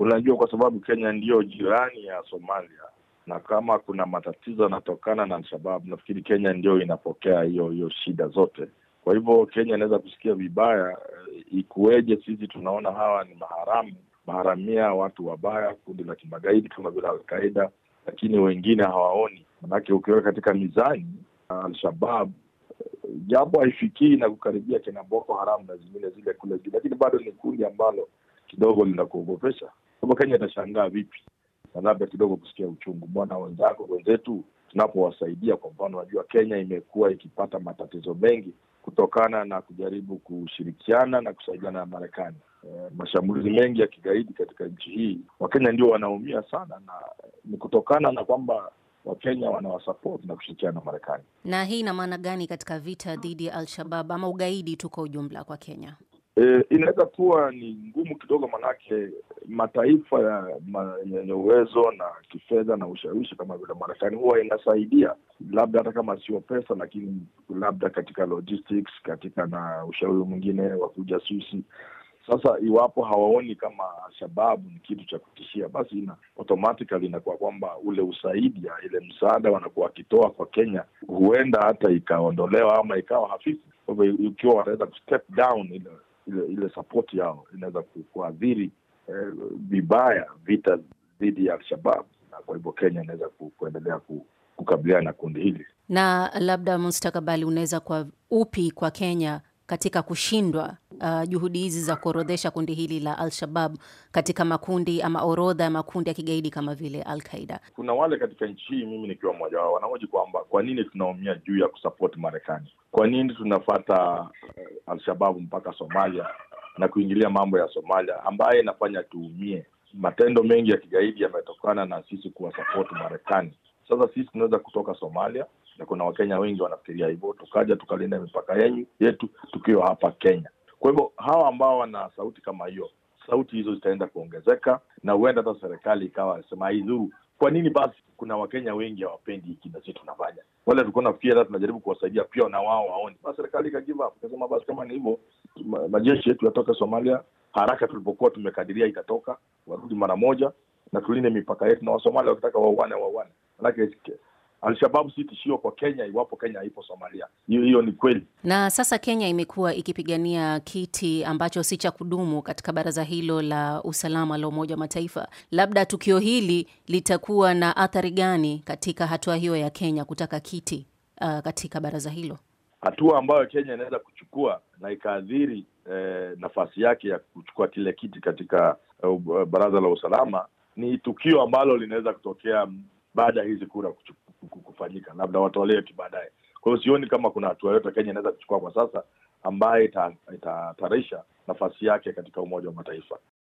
Unajua, kwa sababu Kenya ndiyo jirani ya Somalia, na kama kuna matatizo yanatokana na Alshabab, nafikiri Kenya ndio inapokea hiyo hiyo shida zote. Kwa hivyo Kenya inaweza kusikia vibaya, eh, ikuweje sisi tunaona hawa ni maharamu, maharamia, watu wabaya, kundi la kimagaidi kama vile Alqaida, lakini wengine hawaoni. Manake ukiweka katika mizani eh, Alshabab eh, japo haifikii na kukaribia kina Boko na zingine zile kule juu, lakini bado ni kundi ambalo kidogo linakuogopesha kenya atashangaa vipi, na labda kidogo kusikia uchungu mbona wenzako wenzetu tunapowasaidia. Kwa mfano, najua Kenya imekuwa ikipata matatizo mengi kutokana na kujaribu kushirikiana na kusaidiana na Marekani. E, mashambulizi mengi ya kigaidi katika nchi hii, Wakenya ndio wanaumia sana, na eh, ni kutokana na kwamba Wakenya wanawasapoti na kushirikiana na Marekani. Na hii ina maana gani katika vita dhidi ya Al-Shabab ama ugaidi tu kwa ujumla kwa Kenya? E, inaweza kuwa ni ngumu kidogo, manake mataifa ya ma, yenye uwezo na kifedha na ushawishi kama vile Marekani huwa inasaidia, labda hata kama sio pesa, lakini labda katika logistics, katika na ushauri mwingine wa kujasusi Sasa iwapo hawaoni kama shababu ni kitu cha kutishia, basi ina automatically inakuwa kwamba ule usaidi ya ile msaada wanakuwa wakitoa kwa Kenya huenda hata ikaondolewa ama ikawa hafifu. Kwa hivyo ikiwa wataweza down ile ile ile sapoti yao inaweza kuadhiri eh, vibaya eh, vita dhidi ya al na kwa hivyo Kenya inaweza kuendelea kukabiliana na kundi hili. Na labda mustakabali unaweza kwa upi kwa Kenya katika kushindwa uh, juhudi hizi za kuorodhesha kundi hili la Al-Shabab katika makundi ama orodha ya makundi ya kigaidi kama vile Al-Qaida? Kuna wale katika nchi hii, mimi nikiwa mmoja wao, wanaoji kwamba kwa nini tunaumia juu ya kusapoti Marekani? Kwa nini tunafata uh, al mpaka Somalia na kuingilia mambo ya Somalia ambaye inafanya tuumie? Matendo mengi ya kigaidi yametokana na sisi kuwasupport Marekani. Sasa sisi tunaweza kutoka Somalia na kuna Wakenya wengi wanafikiria hivyo, tukaja tukalinda mipaka yenyu yetu tukiwa hapa Kenya. Kwa hivyo hawa ambao wana sauti kama hiyo, sauti hizo zitaenda kuongezeka, na huenda hata serikali ikawa sema haidhuru. Kwa nini basi kuna Wakenya wengi hawapendi hiki na sisi tunafanya? Wale tulikuwa nafikiri hata tunajaribu kuwasaidia pia na wao waoni Basi serikali ika ikasema basi kama ni hivyo, majeshi yetu yatoka Somalia haraka tulipokuwa tumekadiria itatoka, warudi mara moja na tulinde mipaka yetu, na Wasomalia wakitaka wauane wauane, manake Alshababu si tishio kwa Kenya iwapo Kenya ipo Somalia. Hiyo hiyo ni kweli. Na sasa Kenya imekuwa ikipigania kiti ambacho si cha kudumu katika baraza hilo la usalama la Umoja wa Mataifa. Labda tukio hili litakuwa na athari gani katika hatua hiyo ya Kenya kutaka kiti uh, katika baraza hilo? Hatua ambayo Kenya inaweza kuchukua na ikaathiri eh, nafasi yake ya kuchukua kile kiti katika uh, baraza la usalama ni tukio ambalo linaweza kutokea baada ya hizi kura kuchukua kufanyika, labda watolee tu baadaye. Kwa hiyo sioni kama kuna hatua yoyote Kenya inaweza kuchukua kwa sasa ambaye ita, nafasi yake katika Umoja wa Mataifa.